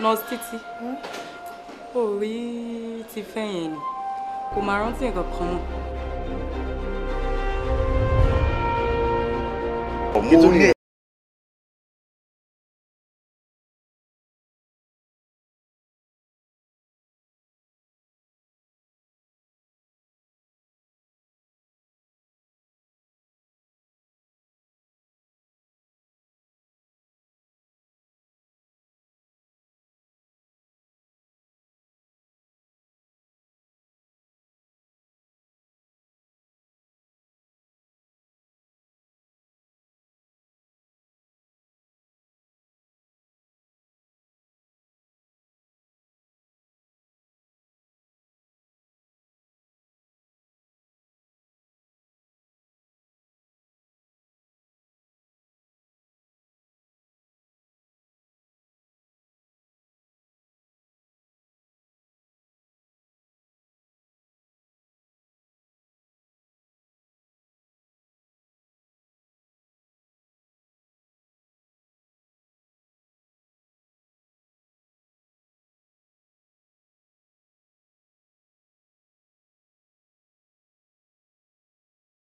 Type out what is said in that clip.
nurse títí ó rí ti fẹ́ yẹn ni kò máa rántí nǹkan kan mọ́.